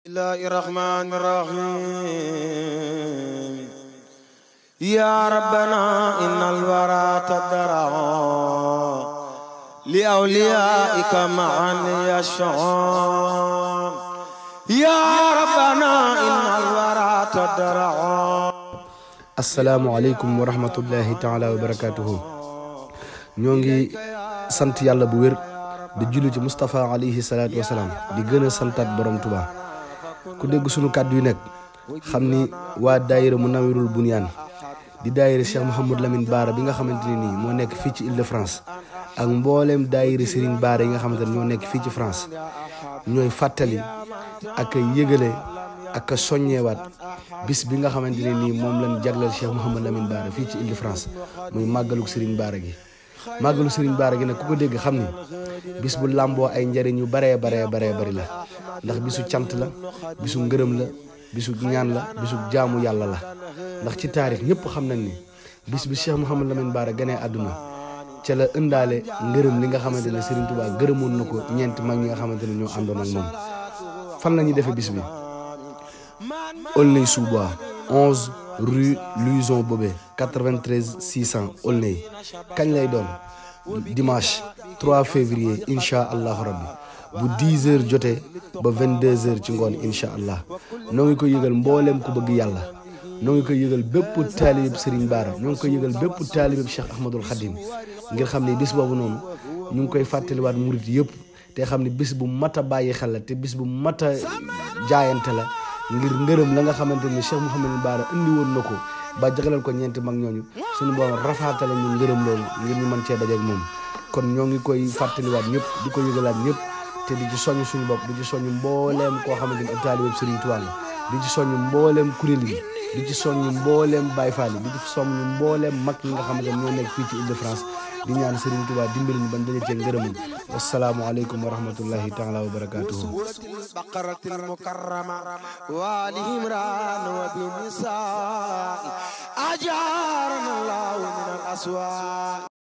الله الرحمن الرحيم يا ربنا إن الورى تدرى لأوليائك معا يشعون يا ربنا إن الورى تدرى السلام عليكم ورحمة الله تعالى وبركاته نيونغي سنت يالا بوير دي جولي مصطفى عليه الصلاه والسلام دي گنا سنتات بروم توبا ku dégg sunu kàddu yi nag xam ni waa daayira mu nawirul bunyaan di daayira Cheikh Mouhamadou Lamine Baara bi nga xamante ne nii moo nekk fii ci Île de France ak mbooleem daayira Serigne Baara yi nga xamante ne ñoo nekk fii ci France ñooy fàttali ak yëgale ak soññeewaat bis bi nga xamante ne nii moom lañ jagleel Cheikh Mouhamadou Lamine Baara fii ci Île de France muy màggaluk Serigne Baara gi. màggalu Serigne Bara gi nag ku ko dégg xam ni bis bu làmboo ay njariñ yu baree baree baree bari la ndax bisu cant la bisu ngërëm la bisu ñaan la bisu jaamu yàlla la ndax ci taarix ñëpp xam nañ ni bis bi xam Mouhamadou Lamine Bara ganee àdduna ca la ëndaale ngërëm li nga xamante ne Serigne Touba gërëmoon na ko ñeenti mag ñi nga xamante ne ñoo àndoon ak moom fan la ñuy defee bis bi aulnay sous rue Louison Bobé 93 600 Aulnay kañ lay doon dimanche 3 février incha allahu rabbi bu 10 heures jotee ba 22 heures ci ngoon incha allah noo ngi ko yëgal mboolem ku bëgg yàlla noo ngi koy yëgal bépp taalibib Serigne Bara ñoo ngi koy yëgal bépp taalibib Cheikh Ahmadul Khadim ngir xam ne bis boobu noonu ñu ngi koy fàttaliwaat murit yëpp te xam ne bis bu mat a bàyyi xel la te bis bu mat jaayante la ngir ngërëm la nga xamante ni Cheikh Mouhamadou Bara indi woon na ko ba jagleel ko ñeenti mag ñooñu suñu borom rafaatale ñu ngërëm loolu ngir ñu mën cee dajeeg moom kon ñoo ngi koy fàttaliwaat ñëpp di ko yëgalaat ñëpp te di ci soññ suñu bopp di ci soññ mbooleem koo xamante ni ab si Sëriñ Tuubaa la di ci mbooleem kuréel yi di ci soññ mbooleem Baye Fall di ci soññ mbooleem mag ñi nga xam ne ñoo nekk fii ci Île de France di ñaan Serigne Touba dimbali ñu ban daje cee ngërëmam wasalaamualeykum wa rahmatullahi taala wa barakatuhu baqaratil mukarrama wa ali imran wa bi nisaa min al aswa